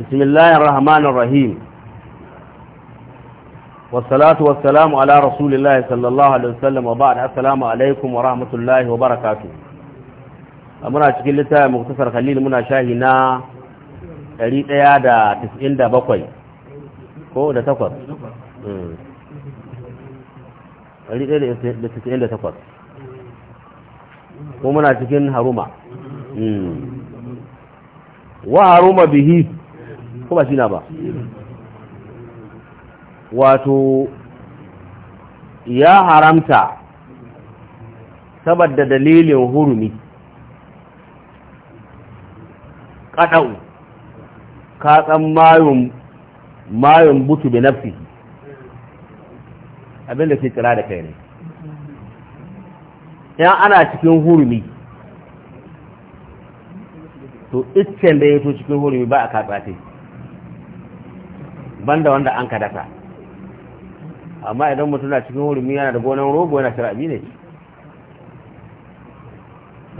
بسم الله الرحمن الرحيم والصلاة والسلام على رسول الله صلى الله عليه وسلم وبعد السلام عليكم ورحمة الله وبركاته أمنا شكل لتا مختصر خليل منا شاهنا أريد أيادة تسئل دا بقوي كو دا تقر أريد أيادة تسئل دا تقر ومنا شكل هروما وهروما به kuma shi na ba wato ya haramta saboda dalilin hurumi kaɗau katsan mayun mayun butu bi nafi abinda ke kira da kai ne yan ana cikin hurumi to iccen da ya to cikin hurumi ba a katsa banda wanda an ka dasa amma idan mutum na cikin hurumi yana da gonan rogo yana shirabi ne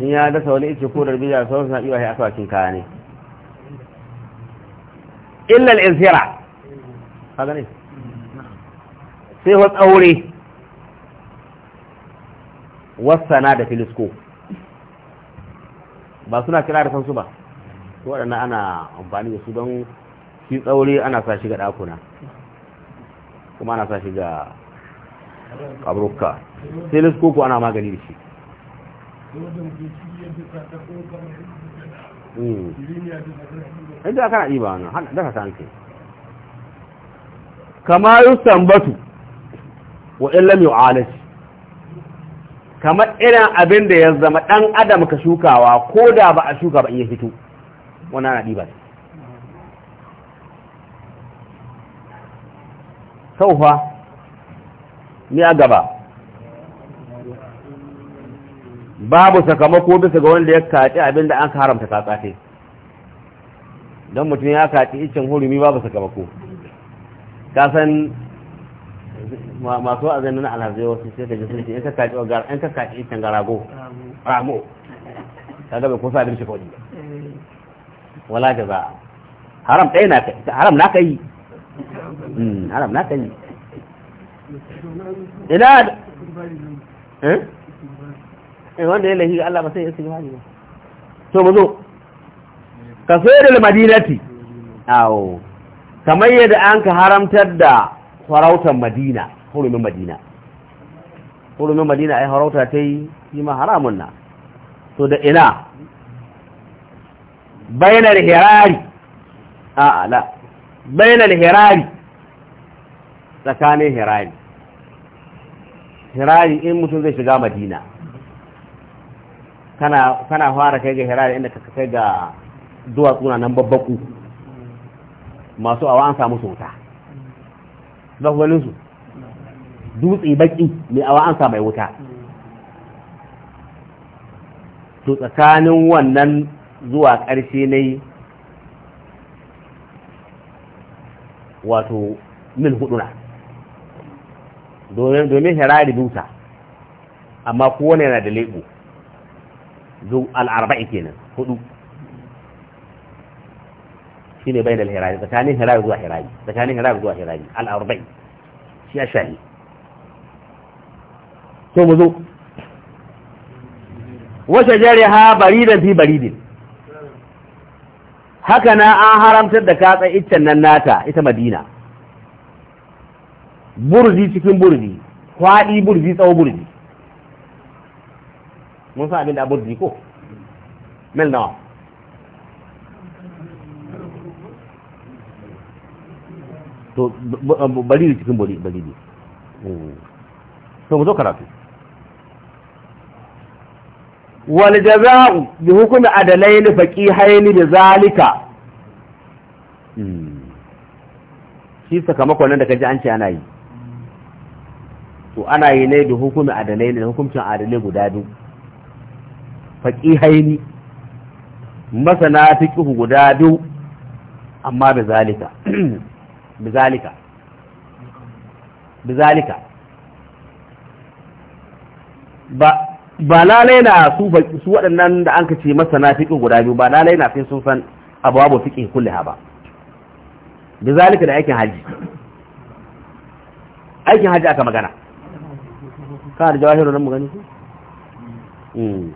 in ya dasa wani ice ko darbi da sauransu na iya asawakin kaya ne illal insira kaga ne sai wa tsaure wasana da filisko ba suna kira da kansu ba waɗanda ana amfani da su don shi tsauri ana sa shi ga ɗakuna kuma ana sa shi ga ƙabrukka sai liskoko ana magani da shi hmm. inda kana ɗiba wannan daga sanke kama yi sambatu wa illam yi alaci kamar irin abin da ya zama ɗan adam ka shukawa ko da ba a shuka ba in ya fito wannan ana ba ne saufa ni a gaba babu sakamako bisa ga wanda ya kaci abinda an ka haramta katsafe don mutum ya kaci icin hurumi babu sakamako kasan masu wa'azin na alhazai wasu sai ka ji sun ce in ka kaci icin garago ramo ta gaba kusa abin shi kodi eh. wala jaza haram ɗaya haram na kai haram hmm, na sani ina da eh? eh wanda ya lahi Allah ba sai ya sigi hali ba to mu zo ka da madinati awo kamar yadda an ka haramtar da farautar madina hurumin madina hurumin madina ai harauta ta yi yi ma haramun na to da ina Bainar hirari A'a ala bainal hirari tsakanin hirari hirari in mutum zai shiga madina kana fara kai ga hirari inda ka kai ga duwatsuna nan babbaku masu awa an samu sauta dutse baki mai awa mai wuta to tsakanin wannan zuwa ƙarshe ne wato mil hudu na domin hirari duta amma kowane yana da lebo al'arba al'arba'i kenan hudu shi ne bayan hirari tsakanin hirari zuwa hirari tsakanin hirari zuwa hirari al'arba'i shi a shari so mu zo wasu jari ha baridin fi baridin haka na an haramtar da katsa iccen nan nata ita madina burzi cikin burzi kwaɗi burzi tsawo burzi mun san abin da burzi ko mil nawa to bari cikin bari bari hmm. to mu zo karatu wal jaza'u bi hukmi adalaini faqihaini bi zalika hmm. shi sakamakon nan da kaji an ce ana yi to ana yi ne bi hukumi adalaini da hukuncin adalai guda biyu faqihaini masana fiqhu guda biyu amma bi zalika bi zalika bi zalika ba ba lalai na su su waɗannan da an ce masana fiqh guda biyu ba lalai na sai sun san abwabu fiqh ha ba da zalika da aikin haji aikin haji aka magana ka da jawahiru nan mu gani hmm.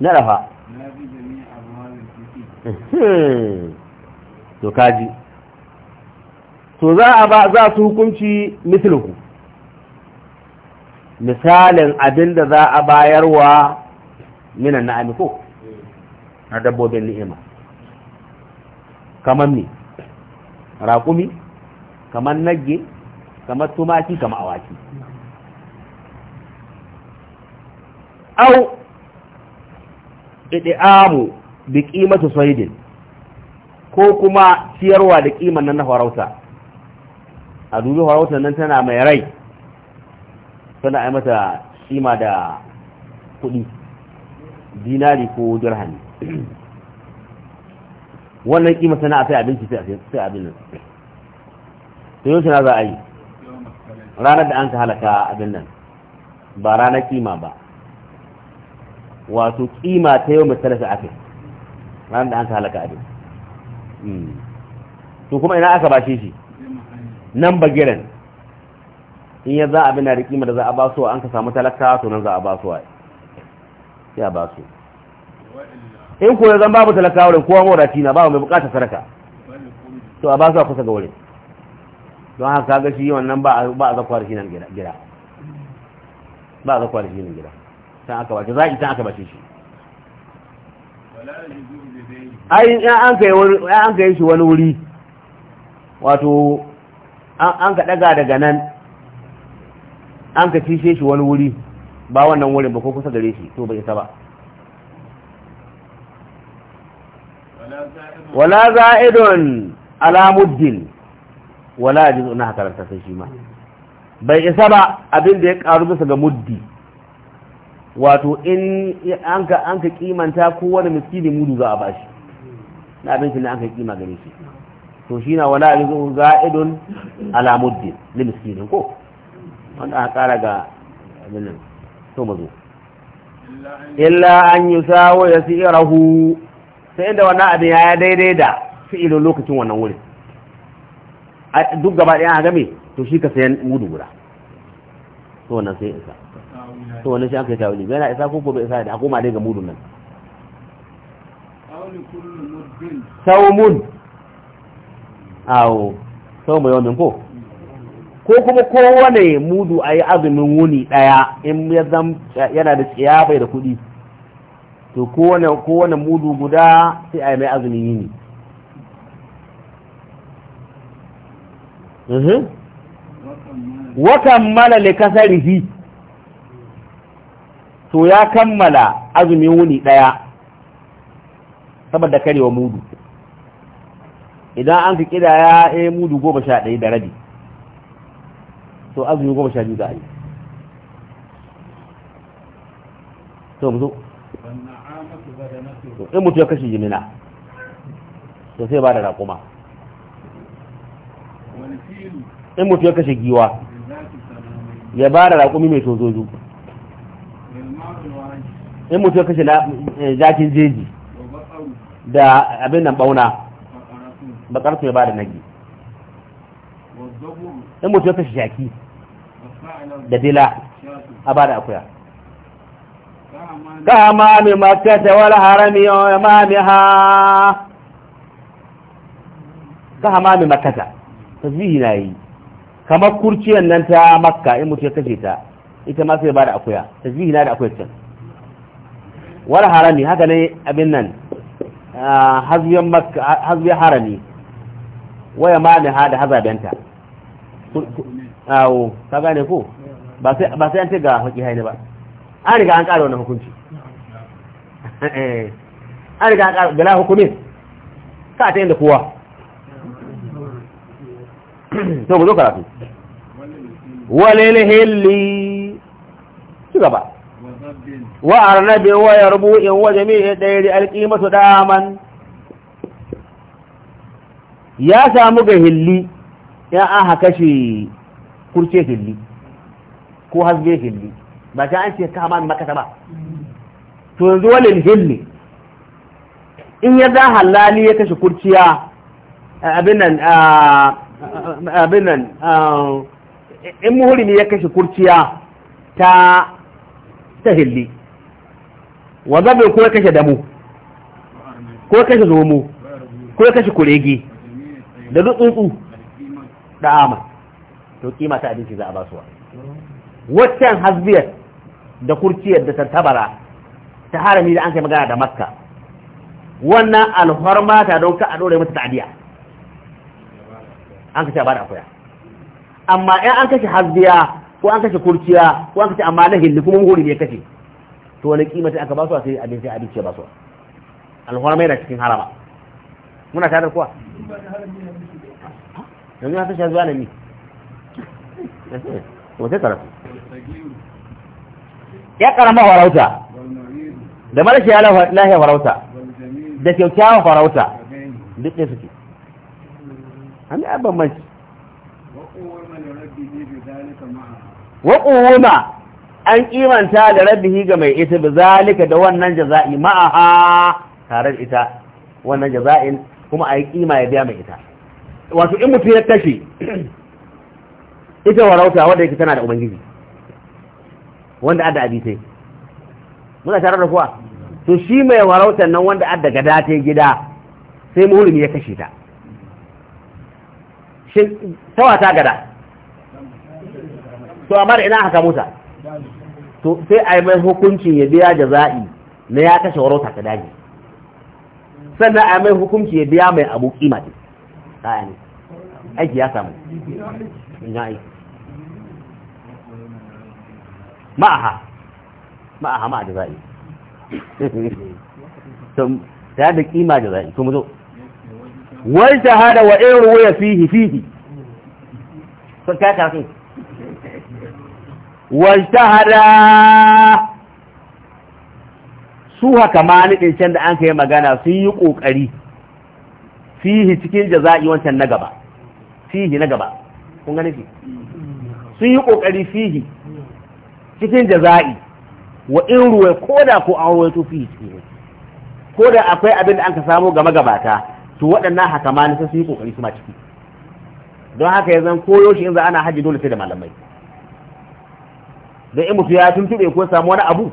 na rafa hmm. to kaji to za a ba za su hukunci misluhu misalin abin da za a bayarwa minan na'ami ko na dabbobin ni'ima kamar ne raƙumi kamar nagge kamar tumaki kamar awaki au idi'amu bi qimatu saydin ko kuma ciyarwa da ƙima nan na farauta a dubi farautar nan tana mai rai sana a yi mata kima da kuɗi dinari ko dirhami wannan kima sana a sai abinci sai abin nan sai yau na za a yi ranar da an ka halaka abin nan ba ranar kima ba wato kima ta yau mai talata aka ranar da an ka halaka abin hmm. to kuma ina aka bashe shi nan bagiran in ya za a bina da kima da za a ba su an ka samu talaka to nan za a ba su ya ba su in kuwa zan babu talaka wurin kowa morati na babu mai bukatar saraka to a ba su a kusa ga wurin don haka kaga shi wannan ba a zakwa da shi nan gida ba a zakwa da shi nan gida san aka bace zaki san aka bace shi ai an kai an kai shi wani wuri wato an ka daga daga nan an ka cishe shi wani wuri ba wannan wurin ba ko kusa gare shi to bai isa ba wala za'idun ala muddin wala jizu na karanta sai shi ma bai isa ba abin da ya karu bisa ga muddi wato in an ka an ka kimanta kowane miskini mudu za a bashi na abinci ne an ka kima gare shi to shi na wala jizu za'idun ala muddin li miskinin ko wanda aka kara ga abinan to mazo illa an yi sawo ya si irahu sai inda wannan abin ya daidai da fi'ilin lokacin wannan wurin duk gaba ɗaya a game to shi ka sayan mudu guda to wannan sai isa to wannan shi aka yi bai yana isa ko bai isa da a koma dai ga mudun nan saumun awo saumu yawon ko ko kuma kowane mudu a yi azumin wuni ɗaya in ya yana da tsiya bai da kuɗi to kowane mudu guda sai a yi mai azumin yini mhm. wakan mala likasarihi to ya kammala azumin wuni ɗaya saboda karewa mudu idan an ka kidaya ya eh, mudu goma sha ɗaya da rabi to azumi goma sha biyu za a yi to mu zo in mutu ya kashe jimina to sai ba da raƙuma in mutu ya kashe giwa ya ba da raƙumi mai tozozu in mutu ya kashe eh, jakin jeji da abin nan bauna bakar su ya ba da nagi in mutu ya kashe jaki da dila a ba da akuya kama mai makata wala harami ya mami ha kama mai makata tasbihi na yi kamar kurciyar nan ta makka in mutu ya kashe ta ita ma sai ba da akuya tasbihi na da akuya can wala harami haka ne abin nan hazbiyar harami waya mami ha da hazabenta awo ka gane ko ba sai an ce ga haƙi haini ba an riga an ƙara wani hukunci eh, an riga an ƙara gala hukumin ka ta yadda kowa to ba zo karatu walil hilli ci gaba wa arnabi wa yarbu in wa jami'in dairi alqimatu daman ya samu ga hilli ya an haka shi kurce hilli ko hasbe hilli ba ta an ce ka ma makata ba to yanzu wani hilli in ya za halali ya kashe kurciya abin nan abin nan in muhurimi ya kashe kurciya ta ta hilli wa zabe ko ya kashe damu ko ya kashe zomo ko ya kashe kurege da dutsuntsu da ama to kima ta abinci za a basuwa waccan hasbiyar da kurciyar da tantabara ta harami da an kai magana da makka wannan alhorma ta don ka a dore mata ta'adiya an kashe a bada akwai amma in an kashe hasbiya ko an kashe kurciya ko an kashe amma na hindi kuma hori ne kashe to wani kima ta aka basuwa sai abin sai abinci ya basuwa. alhorma yana cikin harama muna tare kuwa yanzu ya kashe hasbiya ne ni karatu ya karama farauta da marashi ya lahiya farauta da kyaukyawan farauta duk ne suke an yi abin manci waƙuwuma an kimanta da rabbihi ga mai ita bi zalika da wannan jaza'i ma'aha tare da ita wannan jaza'in kuma a yi kima ya biya mai ita wato in mutu ya kashe ita warauta wanda yake tana da ubangiji wanda adda abisai muna tare da kuwa to shi mai warautar nan wanda adda gada ta gida sai muhulmi ya kashe ta shin tawa ta gada to amma da ina haka musa to sai a yi mai hukunci ya biya jaza'i na ya kashe warauta ta daji sannan a yi mai hukunci ya biya mai abu kima ce aiki ya samu ina aiki ma'aha ma'aha ma'a jaza'i ta da kima jaza'i to mu zo wai shahada wa in ruwaya fihi fihi sun ka ka sun wal su haka ma ni din can da an kai magana sun yi kokari fihi cikin jaza'i wancan na gaba fihi na gaba kun gane fi sun yi kokari fihi cikin jaza'i wa in ruwa ko da ko an ruwaito fi ne ko da akwai abin da an ka samu game gabata to waɗannan haka ma na su yi kokari su ma ciki don haka ya zan koyo shi in za ana haji dole sai da malamai don in mutu ya tuntuɓe ko samu wani abu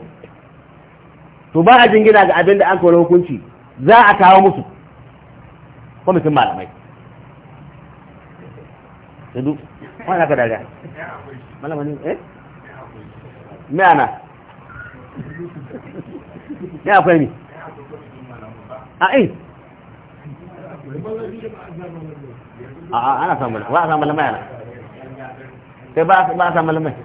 to ba a jingina ga abin da an kawo hukunci za a kawo musu kwamitin malamai Yanzu, wani aka daga? Malamani, eh? me ana ya akwai mi a in eh. a ana samu ba a samu lamai ana sai ba a samu lamai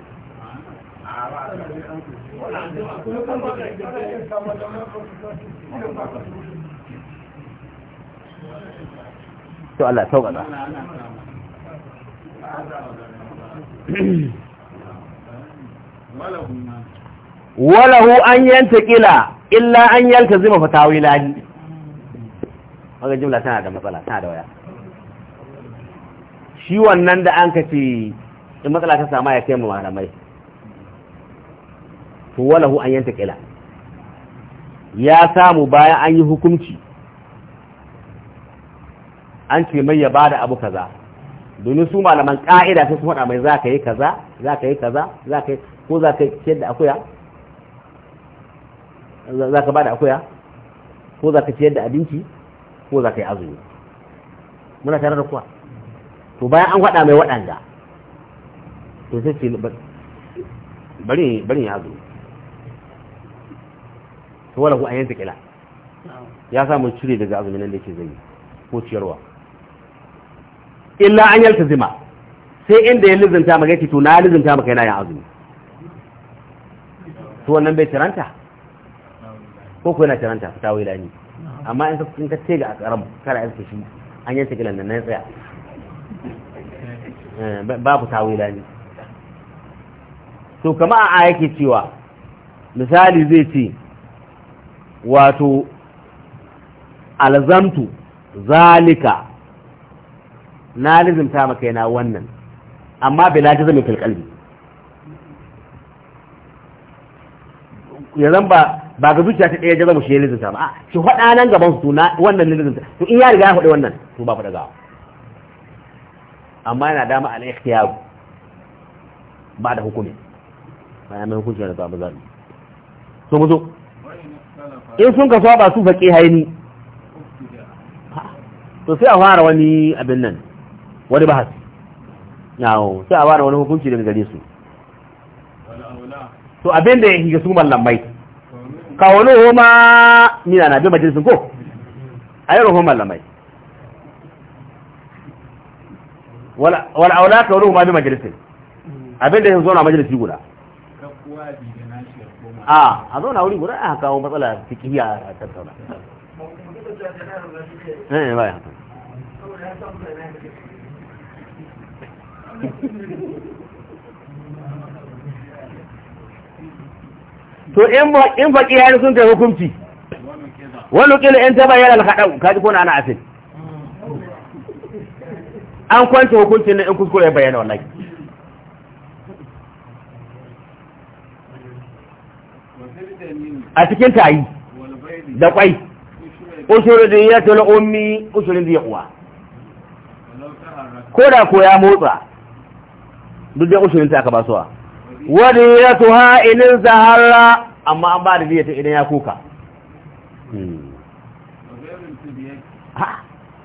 to Allah sauƙaƙa walahu an yanta kila illa an yalta zima fatawi lahi wanda jimla tana da matsala tana da waya shi wannan da an kace in matsala ta sama ya kai mu malamai to walahu an yanta kila ya samu bayan an yi hukunci an ce mai ya bada abu kaza domin su malaman ka'ida sai su faɗa mai za ka yi kaza za ka yi kaza za ka yi ko za ka ciyar da akuya za ka ba da akuya ko za ka ciyar da abinci ko za ka yi azumi muna tare da kuwa to bayan an faɗa mai waɗanda to sai ce bari bari ya azumi to wala ku an yanzu kila ya samu cire daga azumin nan da yake zai ko ciyarwa illa an yalta zima sai inda ya lizinta maka yake to na lizinta maka yana yin azumi su wannan bai taranta ko ko yana taranta ta wila ne amma in sun ka kace ga akaram kana yanke shi an yanke gilan nan tsaya eh, babu ta wila ne to kama a yake cewa misali zai ce wato alzamtu zalika na lizimta maka yana wannan amma bila jazamin fil qalbi ya ba ba ga zuciya ta ɗaya ya zama shi ya lizinta ba shi faɗa nan gaban su na wannan lizinta to in ya riga ya faɗi wannan to ba faɗa gawa amma yana dama a laifin yaro ba da hukumi bayan mai hukunci da ba zaɓi so mu zo in sun kaso ba su faƙi haini to sai a fara wani abin nan wani bahas yawo sai a fara wani hukunci daga gare su to abin da ya higa su mallamai kawalu homa nina na bi majalisun ko yi rohon mallan wala wala aula wani homa bi majalisun abin da ya zo na majalisi guda a a zo na wuri guda a kawo matsala fikiya a tattauna eh, eh ba to in faƙi hari sun kai hukunci wani kila in taba yana alhaɗau kaji kuna na ana asin an kwance hukuncin na in kuskure ya bayyana wallahi a cikin tayi da kwai ushirin da ya tala omi ushirin da ya uwa ko da ko ya motsa duk da ushirin ta aka basuwa wadiyatuha inin zaharra amma an ba da diyata idan ya kuka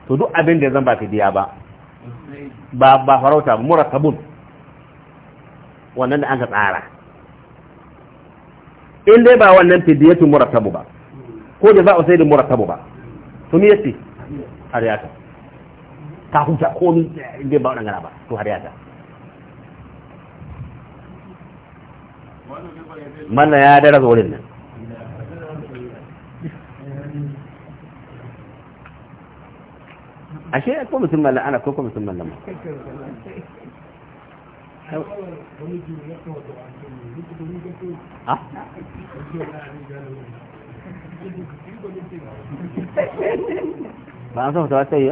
to duk abin da zan ba ka diya ba ba ba farauta ba murakabun wannan da an ka tsara in dai ba wannan fidiyatu murakabu ba ko da za a sai da murakabu ba to me yace har yata ta huta komi in dai ba wannan gana ba to har yata mallan ya darasa wurin nan mallan ana mallan ma ah? ba an san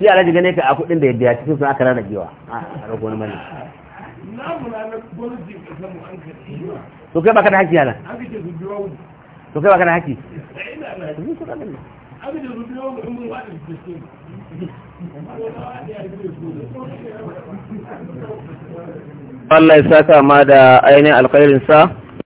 shi alhaji gane ka a kudin da ya biya cikin sun aka rarrabewa a rago na mani to kai baka da haki yana to kai baka da haki Allah ya saka ma da ainihin alkhairinsa